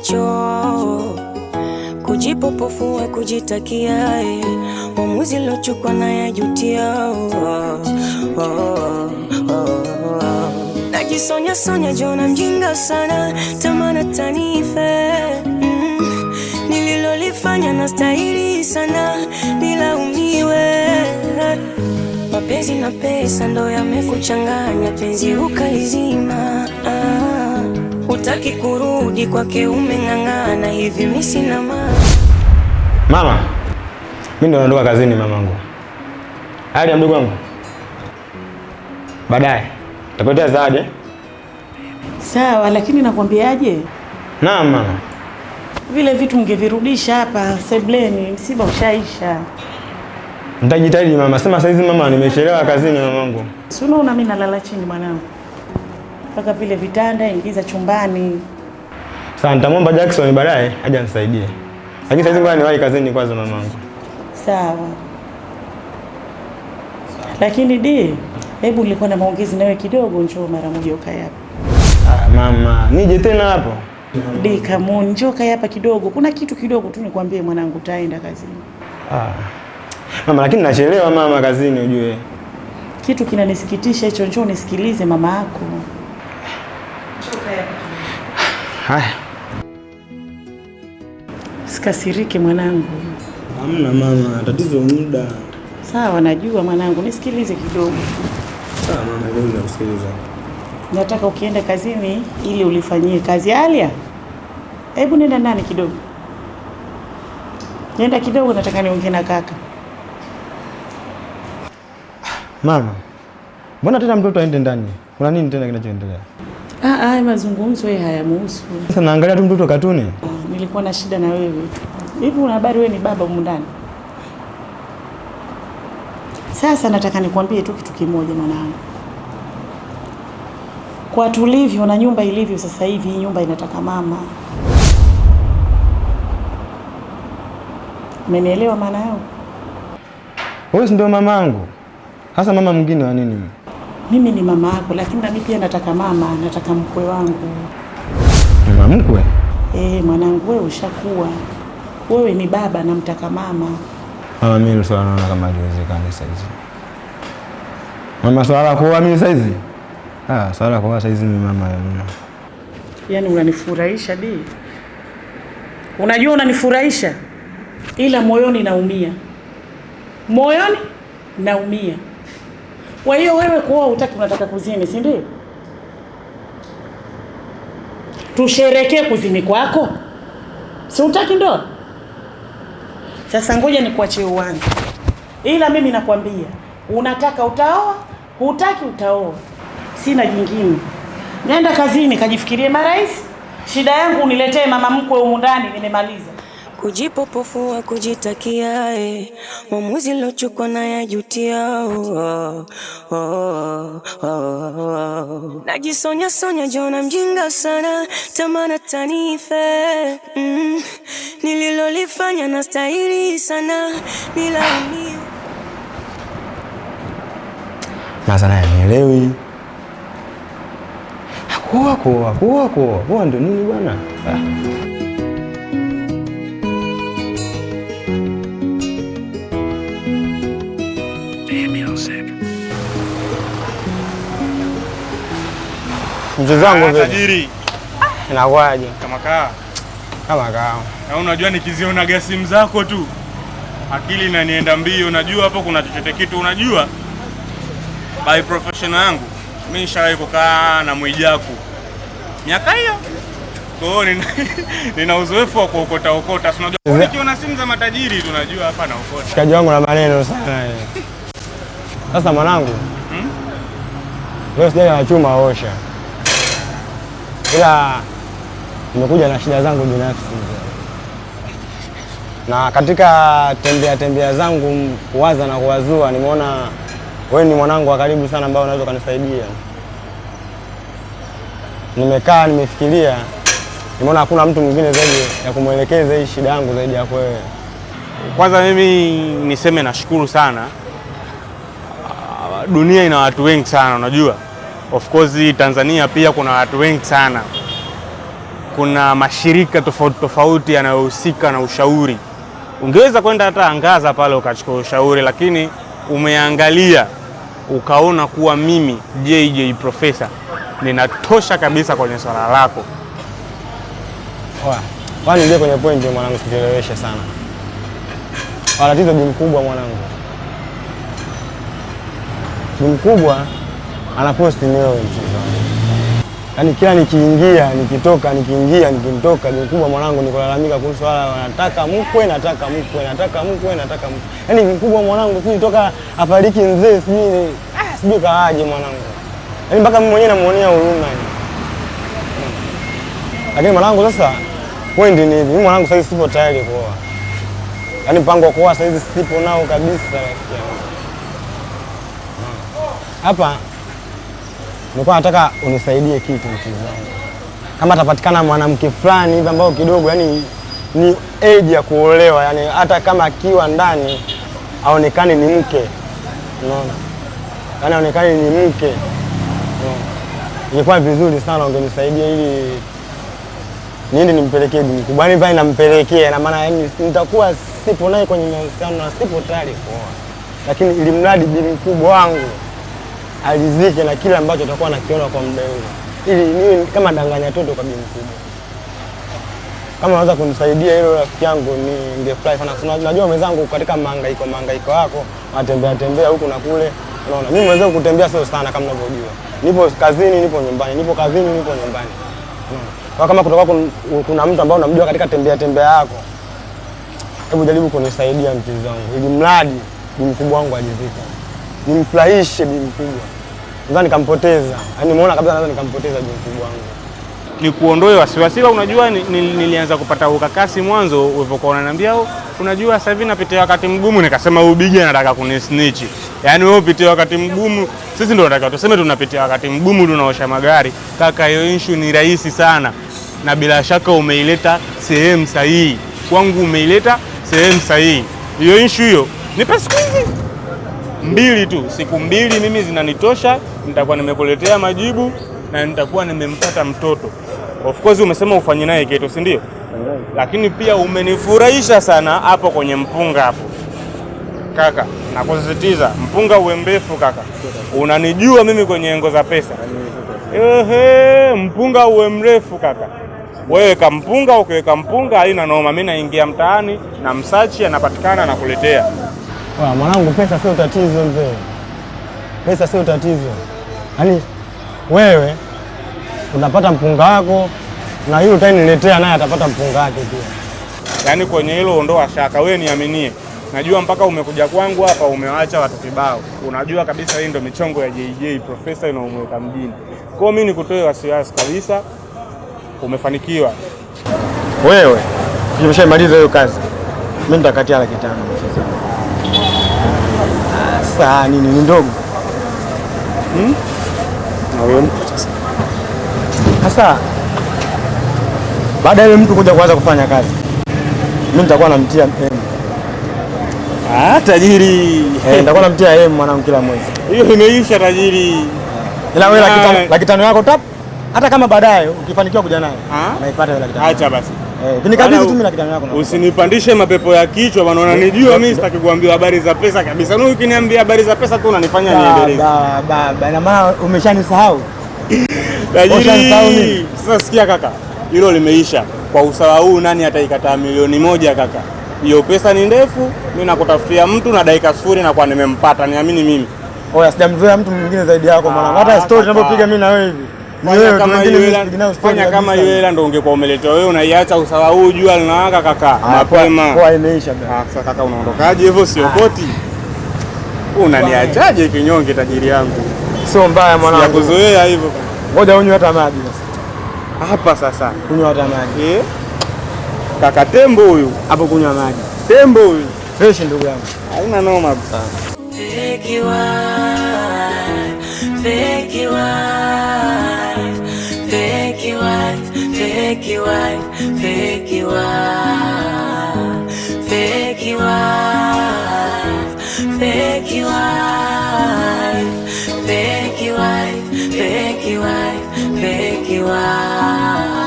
nacho, kujipopofua kujitakia, eh, mwamuzi lochukwa na yajutia oh, oh, oh, oh. Najisonya sonya jona mjinga sana tamana tanife mm, nililolifanya stahili sana nilaumiwe mapenzi na pesa ndo yamekuchanganya penzi ukalizima ah sitaki kurudi kwake, umeng'ang'ana hivi, mimi sina mama. Mama, mimi ndo naondoka kazini mamangu. ya mdogo wangu, baadaye nitakuletea zawadi. Sawa, lakini nakwambiaje? Naam mama. Vile vitu mngevirudisha hapa sebleni, msiba ushaisha. Nitajitahidi mama. Sema saizi mama, nimechelewa kazini mamangu. Sio unaona mimi nalala chini mwanangu mpaka vile vitanda, ingiza chumbani. Sasa nitamwomba Jackson baadaye aje anisaidie, lakini sasa ngoja niwahi kazini kwanza, mamangu. Sawa, lakini di, hebu nilikuwa na maongezi nawe kidogo, njoo mara moja ukae hapa. Ah, mama, nije tena hapo? Di, kamu njoo kae hapa kidogo, kuna kitu kidogo tu nikwambie mwanangu, taenda kazini. Ah. Mama, lakini nachelewa mama kazini, ujue kitu kinanisikitisha hicho. Njoo nisikilize mama yako. Haya, sikasirike mwanangu. Hamna mama, tatizo muda. Sawa, najua mwanangu, nisikilize kidogo. Sawa mama, nakusikiliza. Nataka ukienda kazini ili ulifanyie kazi. Alia, hebu nenda ndani kidogo, nenda kidogo, nataka niongee na kaka. Mama, mbona tena mtoto aende ndani? Kuna nini tena kinachoendelea? Ah, ah, mazungumzo haya hayamuhusu. Sasa naangalia tu mtoto katuni. Ah, nilikuwa na shida na wewe. Hivi una habari wewe ni baba humu ndani? Sasa nataka nikwambie tu kitu kimoja mwanangu. Kwa tulivyo na nyumba ilivyo sasa hivi, hii nyumba inataka mama. Umenielewa maana yao? Wewe ndio mamangu. Hasa mama mwingine wa nini? mimi ni mama yako, lakini nami pia nataka mama, nataka mkwe wangu. Mama mkwe? Eh, mwanangu wewe ushakuwa, wewe ni baba, namtaka mama. Mama mimi swala naona kama haliwezekani saizi. Mama swala kuoa mimi saizi? Ah, swala kuoa saizi ni mama ya mama. Yaani unanifurahisha bi. Unajua unanifurahisha, ila moyoni naumia, moyoni naumia. Kwa hiyo wewe kuoa utaki unataka kuzini, si ndio? Tusherekee kuzini kwako, si utaki ndoa? Sasa ngoja nikuachie uwanja, ila mimi nakwambia, unataka utaoa, hutaki utaoa. Sina jingine, nenda kazini kajifikirie marais. Shida yangu uniletee mama mkwe humu ndani, nimemaliza kujipopofua kujitakia, eh, mwamuzi lochukwa na yajutia, oh, oh, oh, oh, oh. Najisonya sonya jona mjinga sana tamana tanife, mm, nililolifanya na stahili sana nilaumia. Sasa naye nielewi kuwa kuwa kuwa kuwa ndio nini bwana? Ah. mchezo wangu ah, tajiri. Inakuwaje? Kama kaa. Kama kaa. Na unajua nikizionaga simu zako tu akili inanienda mbio. Unajua hapo kuna chochote kitu, unajua by profession yangu mimi nishawahi kukaa na Mwijaku miaka hiyo. Kwa hiyo nina, nina uzoefu wa kuokota okota. Unajua nikiona simu za matajiri tunajua hapa na okota. Shikaji wangu na maneno sana hmm? sasa mwanangu, hmm? Leo sijaja na chuma osha ila nimekuja na shida zangu binafsi na katika tembea tembea zangu kuwaza na kuwazua, nimeona wewe ni mwanangu wa karibu sana ambao unaweza ukanisaidia. Nimekaa nimefikiria, nimeona hakuna mtu mwingine zaidi ya kumwelekeza hii shida yangu zaidi yako wewe. Kwanza mimi niseme nashukuru sana, dunia ina watu wengi sana, unajua Of course Tanzania pia kuna watu wengi sana, kuna mashirika tofauti tofauti yanayohusika na ushauri. Ungeweza kwenda hata angaza pale ukachukua ushauri, lakini umeangalia ukaona kuwa mimi JJ Profesa ninatosha kabisa kwenye swala lako. Kwani ndio kwenye point mwanangu, kuchelewesha sana wala tatizo jumkubwa mwanangu, jumkubwa anaposti milo mchezaji, yaani kila nikiingia nikitoka, nikiingia nikitoka, ni mkubwa mwanangu nikulalamika kuhusu swala, nataka mkwe, nataka mkwe, nataka mkwe, nataka mkwe, yaani mkubwa mwanangu si toka afariki mzee, si ah, sijui kaaje mwanangu, yaani mpaka mimi mwenyewe namuonea huruma. Lakini mwanangu sasa pointi ni hivi, mimi mwanangu sasa sipo tayari kuoa, yaani mpango wa kuoa sasa hizi sipo nao kabisa, rafiki yangu hapa nilikuwa nataka unisaidie kitu mtizamo, kama atapatikana mwanamke fulani hivi ambao kidogo yani ni age ya kuolewa, yani hata kama akiwa ndani aonekane ni mke, unaona, yani aonekane ni mke. Ingekuwa vizuri sana ungenisaidia ili niende nimpelekee bibi mkubwa, yani pale nampelekea na maana, yani nitakuwa sipo naye kwenye mahusiano na sipo tayari kuoa, lakini ilimradi bibi mkubwa wangu arizike na kile ambacho atakuwa anakiona kwa muda huo, ili niwe kama danganya toto kwa bibi mkubwa. Kama unaweza kunisaidia hilo rafiki yangu, ningefurahi sana. Najua mwenzangu katika mahangaiko mahangaiko yako, anatembea tembea huku na kule, unaona mimi mwenzangu kutembea sio sana, kama unavyojua, nipo kazini, nipo nyumbani, nipo kazini, nipo nyumbani. Kwa kama kutoka kuna mtu ambaye unamjua katika tembea tembea yako, hebu jaribu kunisaidia mpenzi wangu, ili mradi bi mkubwa wangu aridhike nimfurahishe bibi mkubwa. Sasa nikampoteza. Yaani nimeona kabisa naweza nikampoteza bibi mkubwa wangu. Ni kuondoe wasiwasi. Unajua nilianza kupata ukakasi mwanzo ulipokuwa unaniambia oh, unajua sasa hivi napitia wakati mgumu, nikasema huyu bigi anataka kunisnitch. Yaani wewe upitia wakati mgumu, sisi ndio tunataka tuseme tunapitia wakati mgumu, tunaosha magari. Kaka, hiyo issue ni rahisi sana. Na bila shaka umeileta sehemu sahihi. Kwangu umeileta sehemu sahihi. Hiyo issue hiyo nipe siku hizi mbili tu, siku mbili mimi zinanitosha, nitakuwa nimekuletea majibu na nitakuwa nimempata mtoto. Of course umesema ufanye naye keto, si ndio? Lakini pia umenifurahisha sana hapo kwenye mpunga hapo kaka, nakusisitiza mpunga uwe mrefu kaka, unanijua mimi kwenye engo za pesa. Ehe, mpunga uwe mrefu kaka, weweka mpunga, ukiweka mpunga haina noma. Mimi naingia mtaani na msachi anapatikana, nakuletea Ah, mwanangu, pesa sio tatizo mzee, pesa sio tatizo. Yaani wewe unapata mpunga wako na yule utaniletea naye atapata mpunga wake pia. Yaani kwenye hilo ondoa shaka, wewe niaminie. Najua mpaka umekuja kwangu hapa umewacha watu kibao. Unajua kabisa hii ndio michongo ya JJ profesa inaumweka mjini. Kwa hiyo mimi nikutoe wasiwasi kabisa, umefanikiwa wewe. Ukishamaliza hiyo kazi, mimi nitakatia laki tano. Sasa nini ni ndogo hmm? Sasa baada ya mtu kuja kuanza kufanya kazi, mimi nitakuwa namtia M. Ah, tajiri. Eh, nitakuwa namtia M mwanangu kila mwezi. Hiyo imeisha tajiri. Ila wewe laki tano yako tap, hata kama baadaye ukifanikiwa kuja naye ah? unaipata ile laki tano. Acha basi. Eh, usinipandishe mapepo ya kichwa bwana, unanijua mimi, sitaki kuambiwa habari za pesa kabisa. Wewe ukiniambia habari za pesa tu unanifanya niendelee. Baba, na maana umeshanisahau. Tajiri. Sasa sikia kaka, hilo limeisha. Kwa usawa huu nani ataikataa milioni moja kaka? Hiyo pesa ni ndefu, mimi nakutafutia mtu na dakika sifuri na kwa nimempata, niamini mimi. Oya, sijamzoea mtu mwingine zaidi yako mwanangu. Ah, hata story tunapopiga mimi na wewe hivi fanya kama hiyo hela ndo ungekuwa umeletewa wewe, unaiacha usawa huu, jua linawaka kaka, mapema kwa imeisha ah, sasa. Kaka unaondokaje hivyo? sio koti? unaniachaje kinyonge, tajiri yangu? Sio mbaya mwanangu, yakuzoea hivyo. Ngoja unywe hata maji hapa sasa, kunywa hata maji eh, kaka. Tembo huyu hapo, kunywa maji. Tembo huyu fresh, ndugu yangu, haina noma. you you fake wife, fake wife, fake wife, fake wife, fake wife, fake wife, fake wife.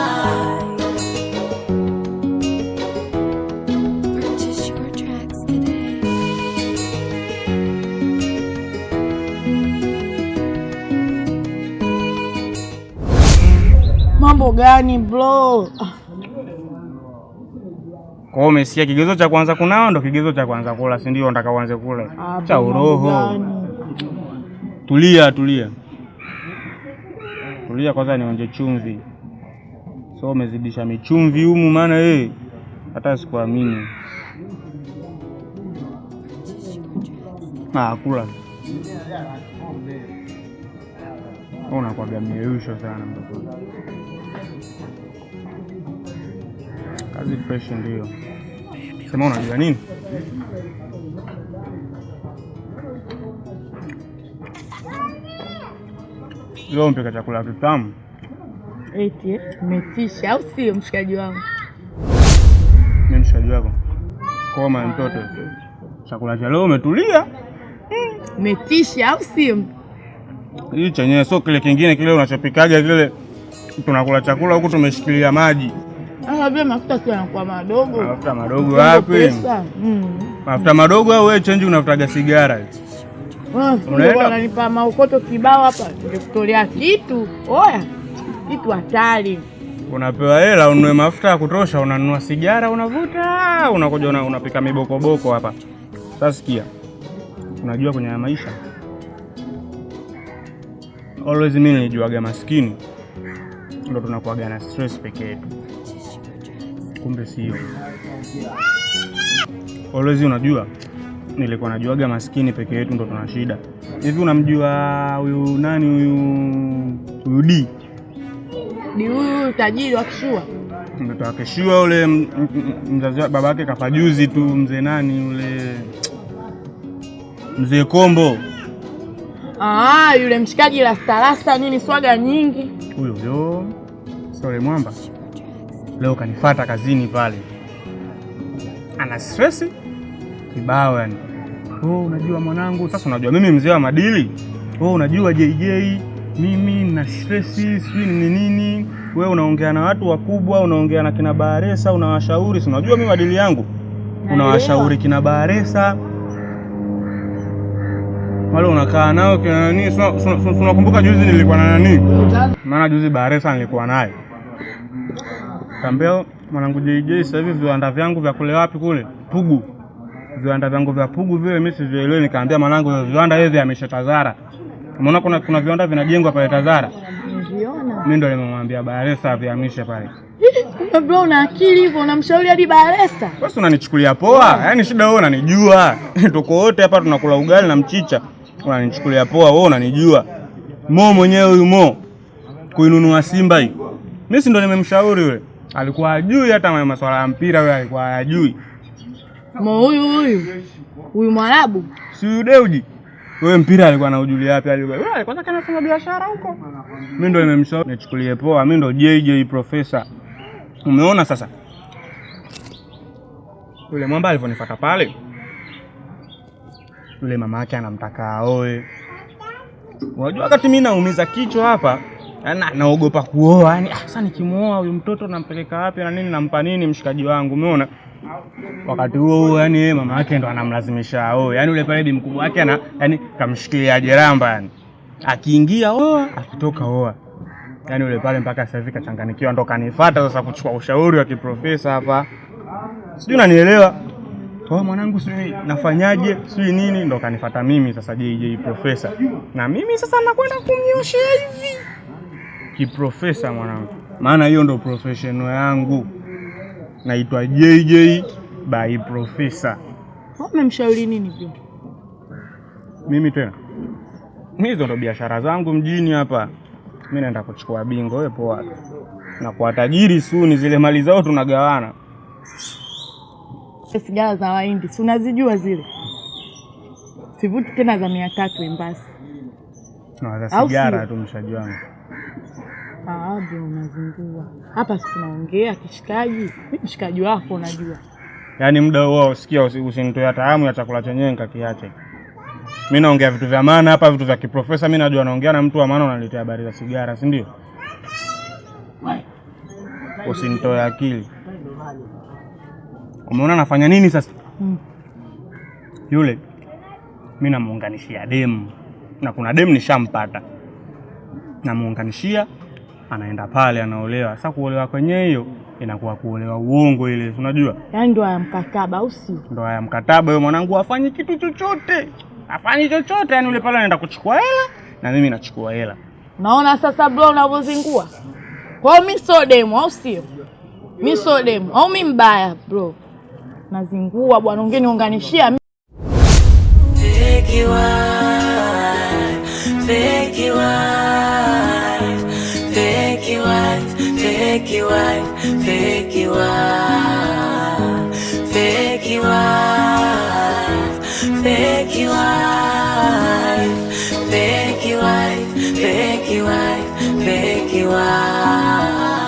gani bro? Kwa umesikia, kigezo cha kwanza kunao ndo kigezo cha kwanza kula, si ndio? Nataka uanze kule ah, cha uroho. Tulia, tulia, tulia kwanza, nionje chumvi. So umezidisha michumvi humu, maana yeye eh, hata sikuamini. Ah, kula unakwaga mieusho sana mtoto Kazi fresh ndio. Sema unajua nini? Leo mpika chakula kitamu. Eti metisha au sio mshikaji wangu? Ni mshikaji wako. Koma mtoto. Chakula cha leo umetulia. metisha au sio? Hii chenyewe sio kile kingine kile unachopikaga kile tunakula chakula huku tumeshikilia maji. Vile mafuta yanakuwa madogo. Mafuta madogo wapi? Mm. Mafuta madogo au wewe chenji unafutaga sigara? Ah, Unanipa maukoto kibao hapa, nikutolea kitu oya, kitu hatari. Unapewa hela ununue mafuta ya kutosha, unanunua sigara, unavuta, unakuja unapika mibokoboko hapa. Sasa sikia, unajua kwenye maisha always, mimi nilijuaga maskini ndo tunakuwaga na stress peke yetu kumbe sio. Olezi, unajua nilikuwa najuaga maskini peke yetu ndo tuna shida hivi. Unamjua huyu nani huyu huyu di di huyu tajiri wa kishua mtoto ule mzazi baba yake kafa juzi tu, mzee nani ule mzee Kombo. Ah, yule mshikaji la starasta nini swaga nyingi, huyo huyo Sole Mwamba leo kanifata kazini pale, ana stress kibao yani. Oh, unajua mwanangu, sasa unajua mimi mzee wa madili. Oh, unajua JJ, mimi na stress sijui ni nini. Wewe unaongea na watu wakubwa, unaongea na kina Baresa, unawashauri. Si unajua mimi madili yangu, unawashauri kina Baresa wale unakaa nao kina nani? Unakumbuka juzi nilikuwa na nani? Maana juzi Baresa nilikuwa naye Kambeo mwanangu JJ, sasa hivi viwanda vyangu vya kule wapi kule Pugu, viwanda vyangu vya Pugu vile mimi sivielewi. Nikaambia mwanangu, viwanda hivi amesha Tazara. Umeona kuna, kuna viwanda vinajengwa pale Tazara, mimi ndo nimemwambia Baresa avihamishe pale. Bro, una akili hivyo unamshauri hadi Baresa? Basi unanichukulia poa? Yaani shida wewe unanijua. Tuko wote hapa tunakula ugali na mchicha. Unanichukulia poa wewe unanijua. Mo mwenyewe huyu Mo kuinunua Simba hii. Mimi si ndo nimemshauri yule alikuwa ajui hata masuala ya mpira, huyo, alikuwa ajui Mo huyu huyu huyu Mwarabu si Deuji, wewe mpira alikuwa anaujulia wapi? Alikuwa kanafanya biashara huko. Mimi ndo nimemshauri nichukulie poa, mimi ndo JJ profesa. Umeona sasa yule mwamba alivyonifuata pale, yule mama yake anamtaka aoe. Unajua wakati mimi naumiza kichwa hapa yaani naogopa kuoa yani, ah, sasa nikimuoa huyu mtoto nampeleka wapi na nini, nampa nini mshikaji wangu, umeona? Wakati huo huo yani yeye mama yake ndo anamlazimisha aoe, yani yule pale bi mkubwa wake ana yani kamshikilia jeramba, yani akiingia oa, akitoka oa, yani yule pale mpaka sasa hivi kachanganikiwa, ndo kanifuata sasa kuchukua ushauri wa kiprofesa hapa, sijui unanielewa? Oh, mwanangu sijui nafanyaje sijui nini, ndo kanifuata mimi sasa JJ profesa, na mimi sasa nakwenda kumnyoshea hivi kiprofesa mwanangu, maana hiyo ndo profession yangu. Naitwa JJ by Profesa. Unamshauri nini pia? Mimi tena hizo ndo biashara zangu mjini hapa, mi naenda kuchukua bingo. Wewe poa na kwa tajiri suni, zile mali zao tunagawana. Sigara za Wahindi si unazijua zile, sivuti tena za mia tatu Embasi na za sigara tu, wangu Aavyo unazingua hapa, si tunaongea kishikaji, mi mshikaji wako unajua. Yaani muda huo usikia, usinitoa taamu ya chakula chenyewe nikakiache. Mi naongea vitu vya maana hapa, vitu vya kiprofesa. Mi najua naongea na mtu wa maana, unaletea habari za sigara, si ndio? Usinitoe akili. Umeona nafanya nini sasa? Hmm. Yule mi namuunganishia demu na kuna demu nishampata, namuunganishia anaenda pale anaolewa. Sasa kuolewa kwenye hiyo inakuwa kuolewa uongo ile, unajua yani ndoa ya mkataba, au sio? Ndoa ya mkataba huyo mwanangu afanyi kitu chochote, afanyi chochote, yani, ule pale anaenda kuchukua hela na mimi nachukua hela. Naona sasa bro unavyozingua kwao. Mi sio demo, au sio? Mi sio demo au mi mbaya bro? Nazingua bwana, ungeniunganishia you fekiwa. fake your wife, fake your wife, fake your wife, fake your wife, fake your wife, fake your wife, fake your wife.